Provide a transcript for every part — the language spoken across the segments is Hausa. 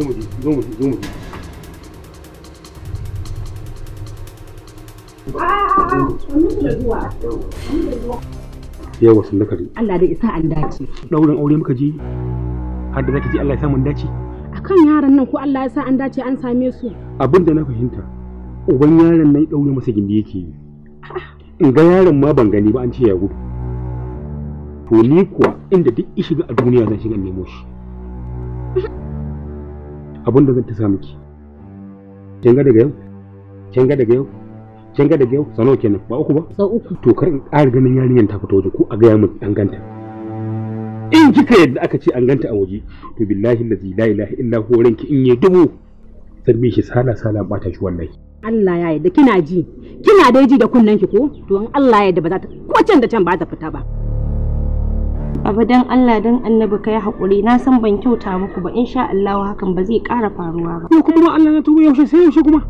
zo mu je yawa sun kare Allah da isa an dace Ɗaurin aure muka je har da zaki ji Allah ya samu dace A kan yaran nan ko Allah ya sa an dace an same su abin da na fahimta uban yaron nan ɗaure masa gindi yake yi in ga yaron ma ban gani ba an ce ya gudu to ni kuwa inda duk ishiga a duniya zan shiga nemo shi abin da zan ta sa miki kin ga daga yau kin ga daga yau kin ga daga yau sano kenan ba uku ba sau uku to kar in ƙara ganin yarinyar ta fito waje ko a gaya min an ganta in kika yadda aka ce an ganta a waje to billahi lazi la ilaha illa huwa ranki in yi dubu zan bi shi sala sala bata shi wallahi Allah ya yarda kina ji kina dai ji da kunnen ki ko to in Allah ya yarda ba za ta ko can da can ba ta fita ba abu dan Allah dan annabi kai haƙuri na san ban kyauta muku ba insha Allah hakan ba zai ƙara faruwa ba ko kuma Allah na tuba yaushe sai yaushe kuma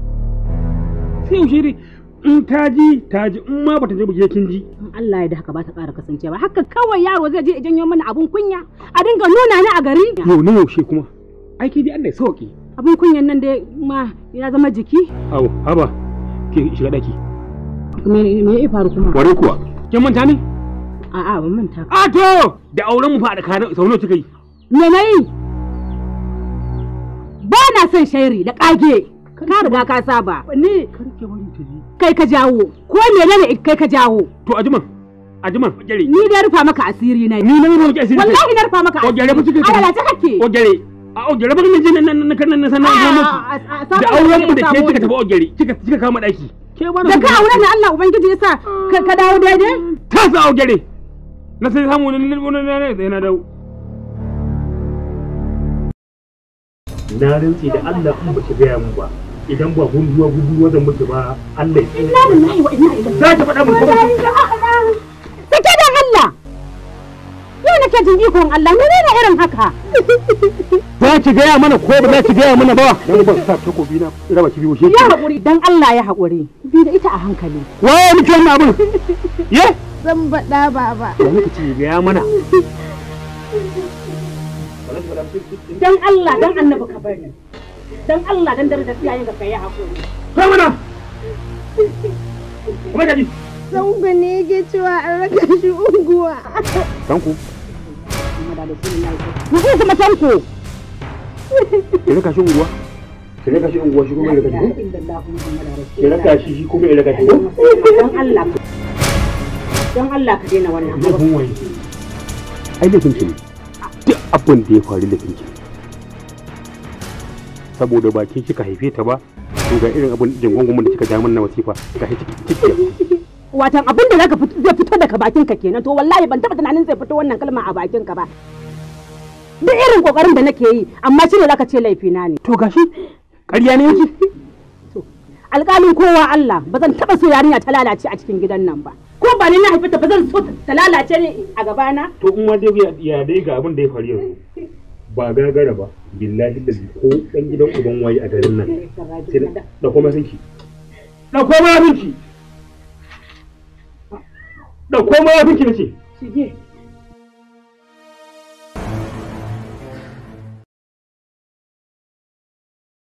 sai yaushe ne in ta ji ta ji in ma bata je buje kin ji in Allah ya da haka ba ta ƙara kasancewa haka kawai yaro zai je ya janyo mana abun kunya a dinga nuna ni a gari yau ne yaushe kuma aiki dai Allah ya sauke abun kunyan nan dai ma ya zama jiki au haba ki shiga daki me me ya faru kuma ware kuwa kin manta ne A'a ban manta. A to da auren mu fa da kana sau nawa kika yi? Me nayi? Ba na son shairi da kage. Ka riga ka saba. Ni kai ka jawo. Ko ne menene kai ka jawo? To ajiman ajiman ogere ni dai rufa maka asiri na ni na rufa asiri wallahi na rufa maka ogere ba kike ala ta kake ogere a ogere ba kike jin nan nan nan sanan ga muku da auren mu da ke kika tafi ogere kika kika kama daki da ka auren Allah ubangiji yasa ka dawo daidai ta sa ogere na sai samu na lulluɓo na ne sai na dau. Na rinci da Allah in ba ki gaya mu ba. Idan ba gunduwa gudu wajen mutu ba Allah ya Ina da lillahi wa ina ilaihi. Za ta faɗa mu kuma. Sake da Allah. Yau nake jin ikon Allah menene irin haka? ci gaya mana ko ba za ki gaya mana ba dan ban sa takobi na raba ki biyu shi ya hakuri dan Allah ya hakuri bi da ita a hankali waye muke wannan abin ye zan bada baba wani ci gaya mana dan Allah dan annabi ka bari dan Allah dan darajar iyayen ga kai ya hakuri kai mana kuma da ji Zango ne yake cewa an raka shi unguwa. Tanku. Kuma da da Tanku. ki raka shi unguwa ki raka shi unguwa shi kuma ya raka shi ki raka shi shi kuma ya raka shi don Allah don Allah ka daina wannan abu ai laifin ki ne duk abin da ya faru laifin ki saboda ba ke kika haife ta ba to ga irin abin jingungumin da kika ja min na wasifa ga shi ciki watan abin da zaka fito daga bakin ka kenan to wallahi ban taba tunanin zai fito wannan kalma a bakin ka ba duk irin kokarin da nake yi amma shi ne zaka ce laifina ne to gashi ƙarya ne yake alƙalin kowa Allah ba zan taɓa so yarinya ta lalace a cikin gidan nan ba ko ba ni na haifi ta ba zan so ta lalace ne a gabana to in ma dai ya dai ga abin da ya faru yanzu ba gagara ba billahi da ko dan gidan uban waye a garin nan da kuma sinki da kuma abinki da kuma abinki nace shige